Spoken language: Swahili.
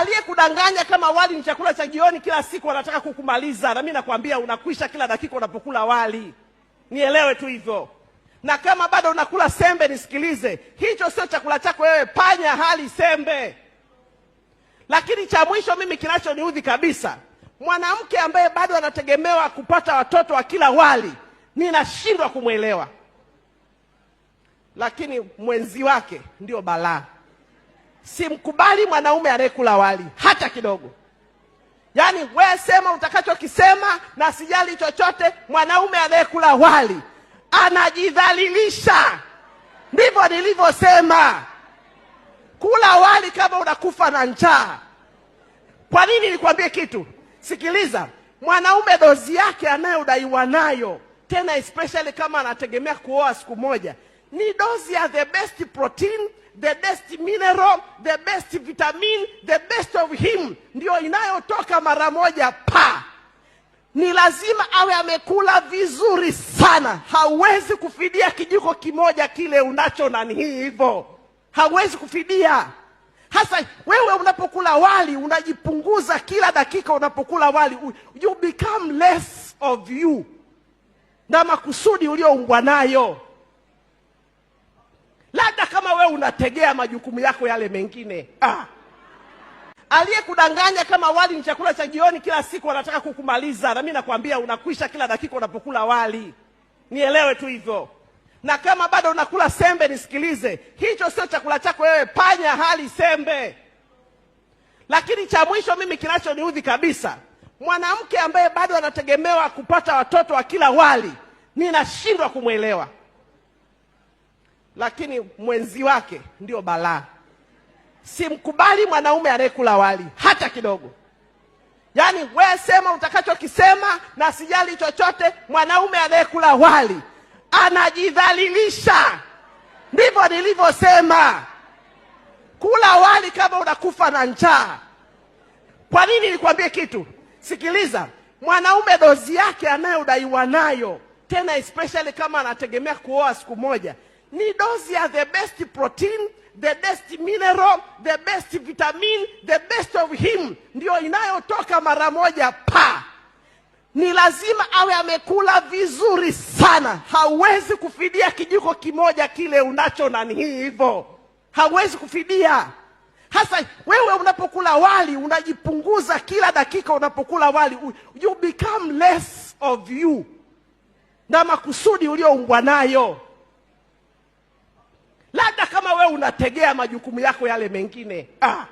aliyekudanganya kama wali ni chakula cha jioni kila siku anataka kukumaliza, na mimi nakwambia unakwisha kila dakika unapokula wali. Nielewe tu hivyo, na kama bado unakula sembe, nisikilize, hicho sio chakula chako wewe. Panya hali sembe. Lakini cha mwisho mimi kinachoniudhi kabisa, mwanamke ambaye bado anategemewa kupata watoto wa kila wali, ninashindwa kumwelewa, lakini mwenzi wake ndio balaa simkubali mwanaume anayekula wali hata kidogo. Yaani wewe sema utakachokisema na sijali chochote. Mwanaume anayekula wali anajidhalilisha, ndivyo nilivyosema. Kula wali kama unakufa na njaa. Kwa nini nikwambie kitu? Sikiliza, mwanaume dozi yake anayodaiwa nayo tena, especially kama anategemea kuoa siku moja, ni dozi ya the best protein the best mineral, the best vitamin, the best of him ndio inayotoka mara moja pa. Ni lazima awe amekula vizuri sana. Hauwezi kufidia kijiko kimoja kile unacho nani hivyo, hauwezi kufidia. Hasa wewe unapokula wali unajipunguza kila dakika, unapokula wali you become less of you na makusudi ulioumbwa nayo wewe unategea majukumu yako yale mengine ah. Aliyekudanganya kama wali ni chakula cha jioni kila siku anataka kukumaliza, na mimi nakwambia unakwisha kila dakika unapokula wali. Nielewe tu hivyo, na kama bado unakula sembe, nisikilize, hicho sio chakula chako wewe. Panya hali sembe. Lakini cha mwisho mimi kinachoniudhi kabisa, mwanamke ambaye bado anategemewa kupata watoto wa kila wali, ninashindwa kumwelewa lakini mwenzi wake ndio balaa. Simkubali mwanaume anayekula wali hata kidogo. Yaani we sema utakachokisema na sijali chochote. Mwanaume anayekula wali anajidhalilisha. Ndivyo nilivyosema, kula wali kama unakufa na njaa. Kwa nini nikwambie kitu? Sikiliza, mwanaume dozi yake anayodaiwa nayo, tena especially kama anategemea kuoa siku moja ni dosi ya the best protein, the best mineral, the best vitamin, the best of him, ndio inayotoka mara moja pa ni lazima awe amekula vizuri sana. Hauwezi kufidia kijiko kimoja kile unacho nani hivyo, hauwezi kufidia. Hasa wewe unapokula wali unajipunguza kila dakika, unapokula wali you become less of you na makusudi ulioumbwa nayo unategea majukumu yako yale mengine ah.